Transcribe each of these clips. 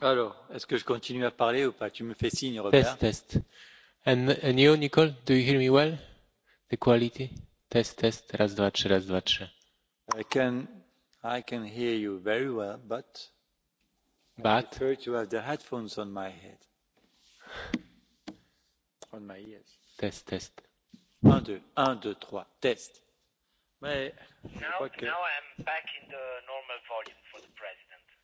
est-ce que je continue à parler ou pas? Tu me fais signe, Robert. Test, test. And, and you, Nicole, do you hear me well? The quality? Test, test. Raz, dwa, trzy, raz, dwa, trzy. I can, I can hear you very well, but. But. I prefer to have the headphones on my head. On my ears. Test, test. Un, deux, un, deux, trois, test. Mais. Now, now que... I'm back in the normal volume for the present.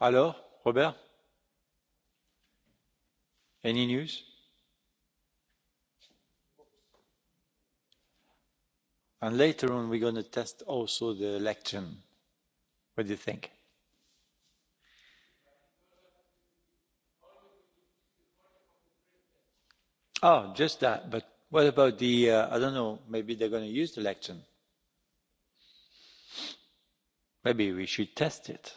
alors robert any news? and later on we're going to test also the lectern what do you think? oh just that but what about the uh, i don't know maybe they're going to use the lectern maybe we should test it.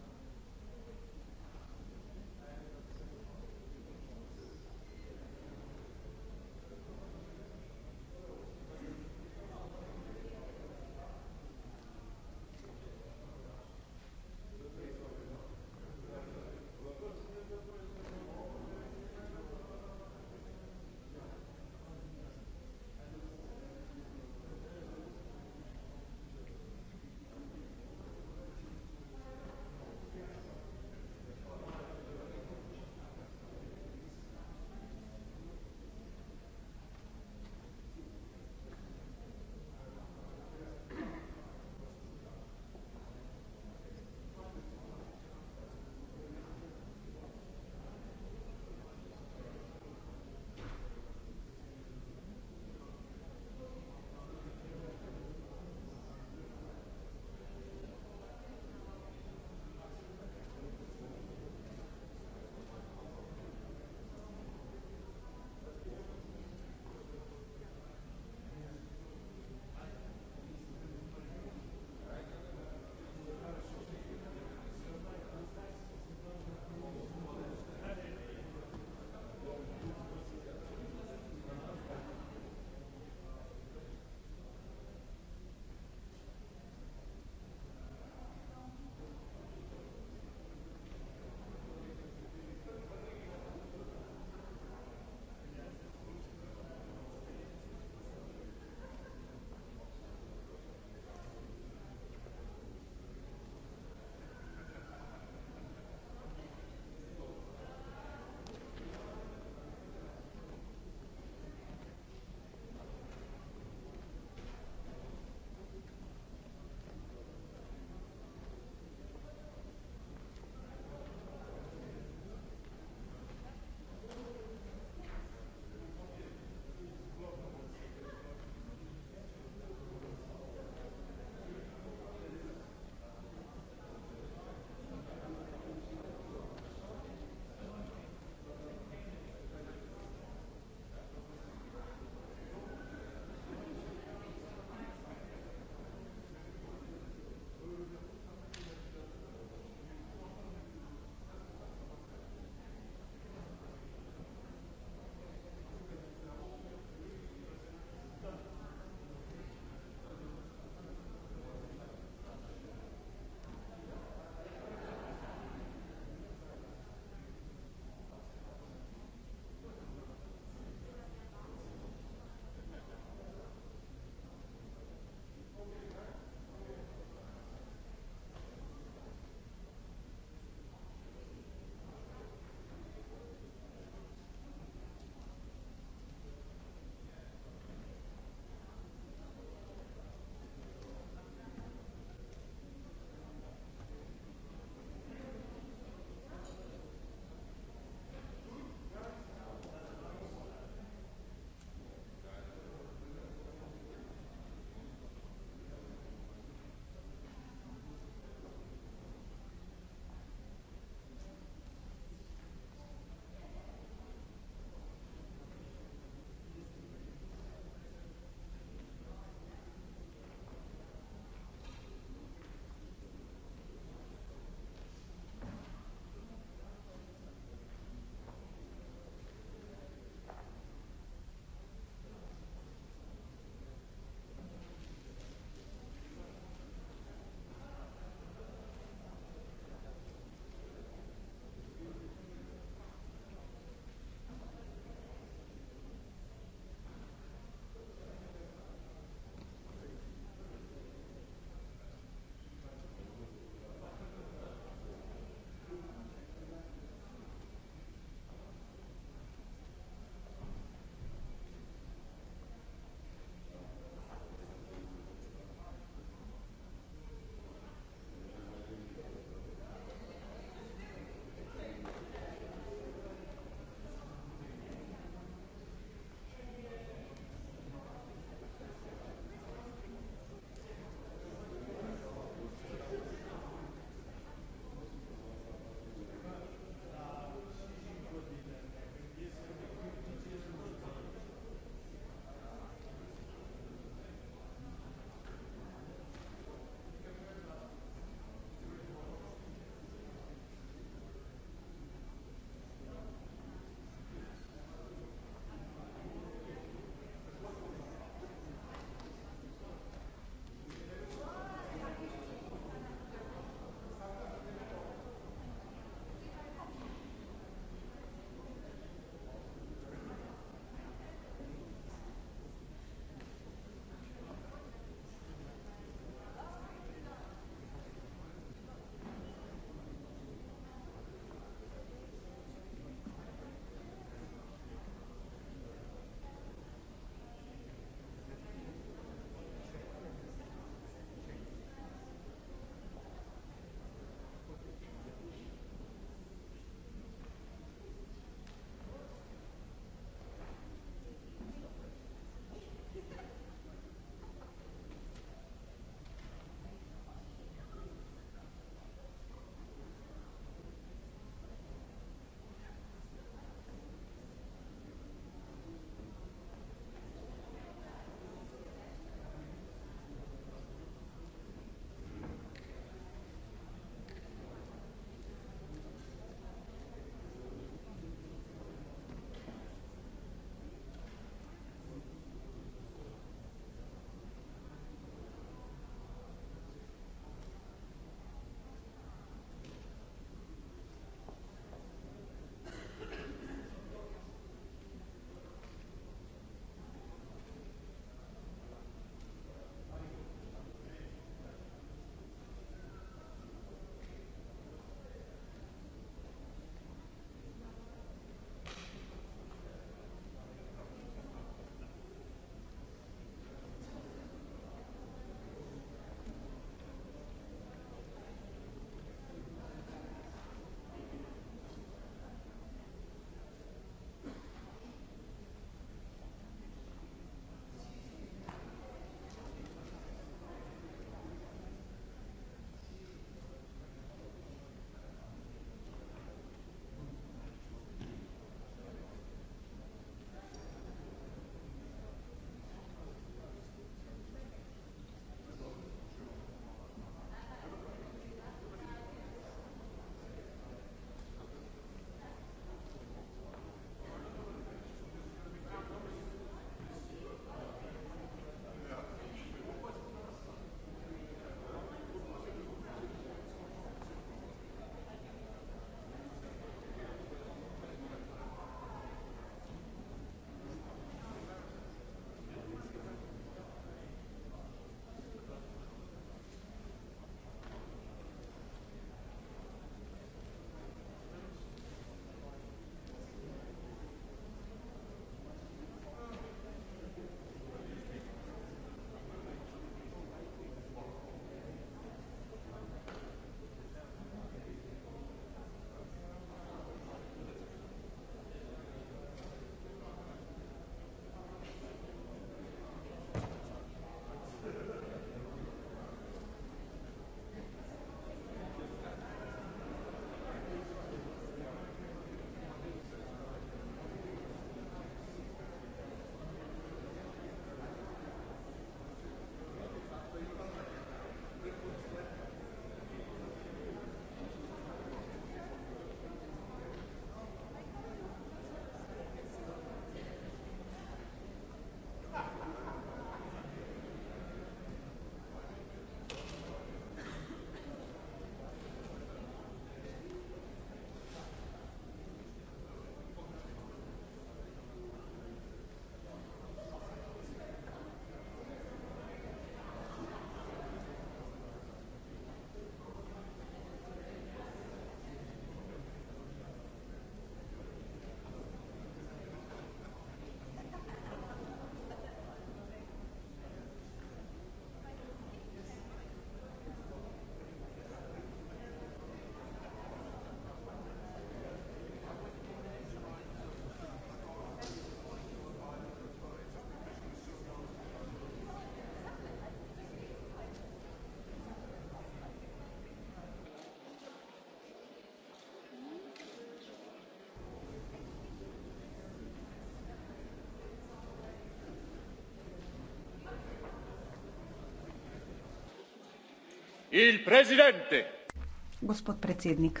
gospod predsednik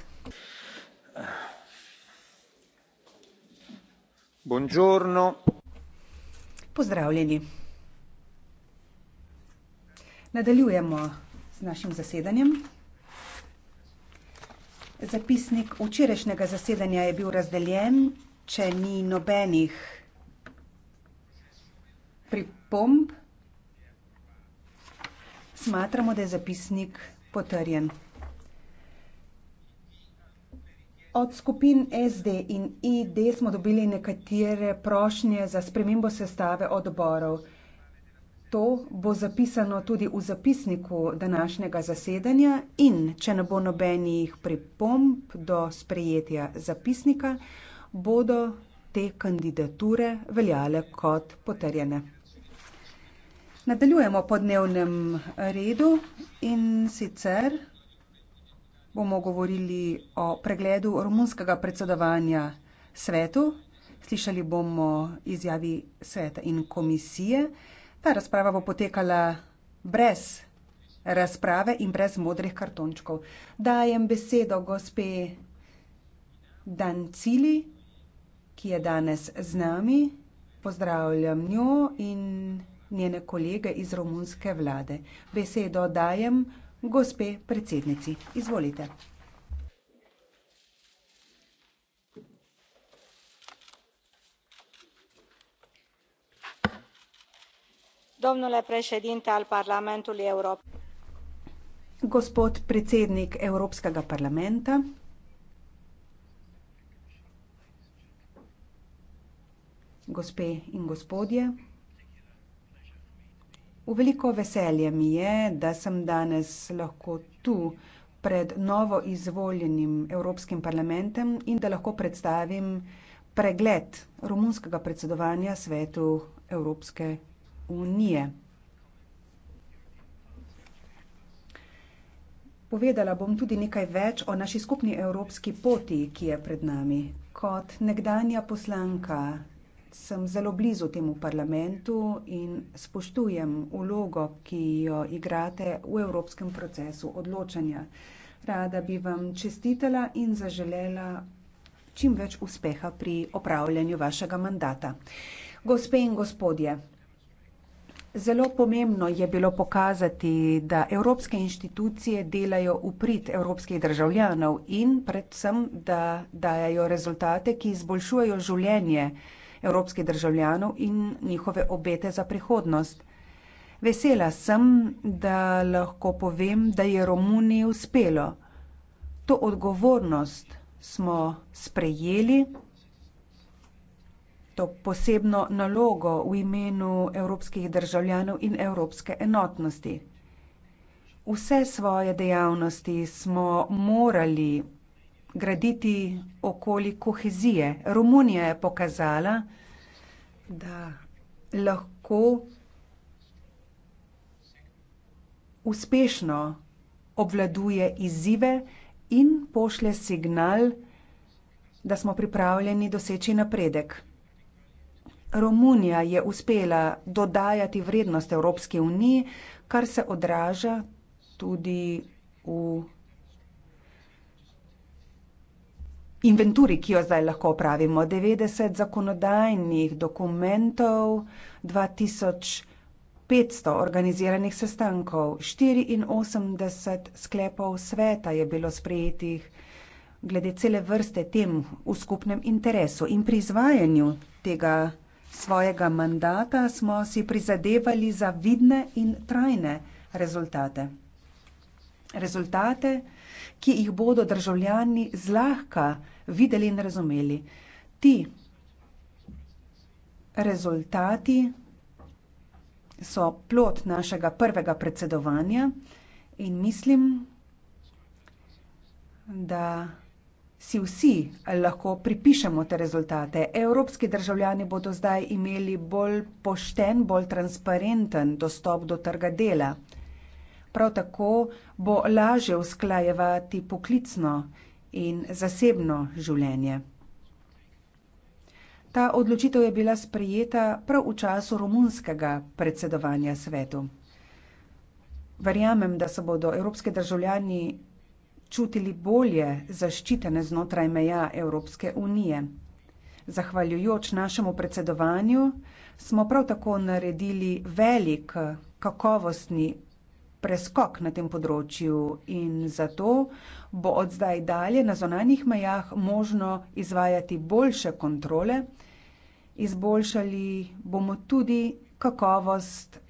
pozdravljeni nadaljujemo z našim zasedanjem zapisnik včerajšnjega zasedanja je bil razdeljen če ni nobenih pripomb smatramo, da je zapisnik potrjen. Od skupin SD in ID smo dobili nekatere prošnje za spremembo sestave odborov. To bo zapisano tudi v zapisniku današnjega zasedanja in, če ne bo nobenih pripomp do sprejetja zapisnika, bodo te kandidature veljale kot potrjene. Nadaljujemo po dnevnem eh, redu in sicer bomo govorili o pregledu romunskega predsedovanja svetu. Slišali bomo izjavi sveta in komisije. Ta razprava bo potekala brez razprave in brez modrih kartončkov. Dajem besedo gospe Dancili, ki je danes z nami. Pozdravljam njo in njene kolege iz romunske vlade. Besedo dajem gospe predsednici. Izvolite. Domnule președinte al Parlamentului Euro... Gospod predsednik Evropskega parlamenta. Gospe in gospodje. V veliko veselje mi je, da sem danes lahko tu pred novo izvoljenim Evropskim parlamentom in da lahko predstavim pregled romunskega predsedovanja svetu Evropske unije. Povedala bom tudi nekaj več o naši skupni evropski poti, ki je pred nami. Kot nekdanja poslanka sem zelo blizu temu parlamentu in spoštujem vlogo, ki jo igrate v evropskem procesu odločanja. Rada bi vam čestitela in zaželela čim več uspeha pri opravljanju vašega mandata. Gospe in gospodje, zelo pomembno je bilo pokazati, da evropske inštitucije delajo v prid evropskih državljanov in predvsem, da dajajo rezultate, ki izboljšujejo življenje evropskih državljanov in njihove obete za prihodnost. Vesela sem, da lahko povem, da je Romuniji uspelo. To odgovornost smo sprejeli, to posebno nalogo v imenu evropskih državljanov in evropske enotnosti. Vse svoje dejavnosti smo morali graditi okoli kohezije. Romunija je pokazala, da lahko uspešno obvladuje izzive in pošlje signal, da smo pripravljeni doseči napredek. Romunija je uspela dodajati vrednost Evropske unije, kar se odraža tudi v inventuri, ki jo zdaj lahko opravimo. 90 zakonodajnih dokumentov, 2500 organiziranih sestankov, 84 sklepov sveta je bilo sprejetih glede cele vrste tem v skupnem interesu in pri izvajanju tega. Svojega mandata smo si prizadevali za vidne in trajne rezultate. Rezultate, ki jih bodo državljani zlahka videli in razumeli. Ti rezultati so plot našega prvega predsedovanja in mislim, da si vsi lahko pripišemo te rezultate. Evropski državljani bodo zdaj imeli bolj pošten, bolj transparenten dostop do trga dela. Prav tako bo lažje usklajevati poklicno in zasebno življenje. Ta odločitev je bila sprejeta prav v času romunskega predsedovanja svetu. Verjamem, da se bodo evropske državljani čutili bolje zaščitene znotraj meja Evropske unije. Zahvaljujoč našemu predsedovanju smo prav tako naredili velik kakovostni preskok na tem področju in zato bo od zdaj dalje na zonanjih mejah možno izvajati boljše kontrole. Izboljšali bomo tudi kakovost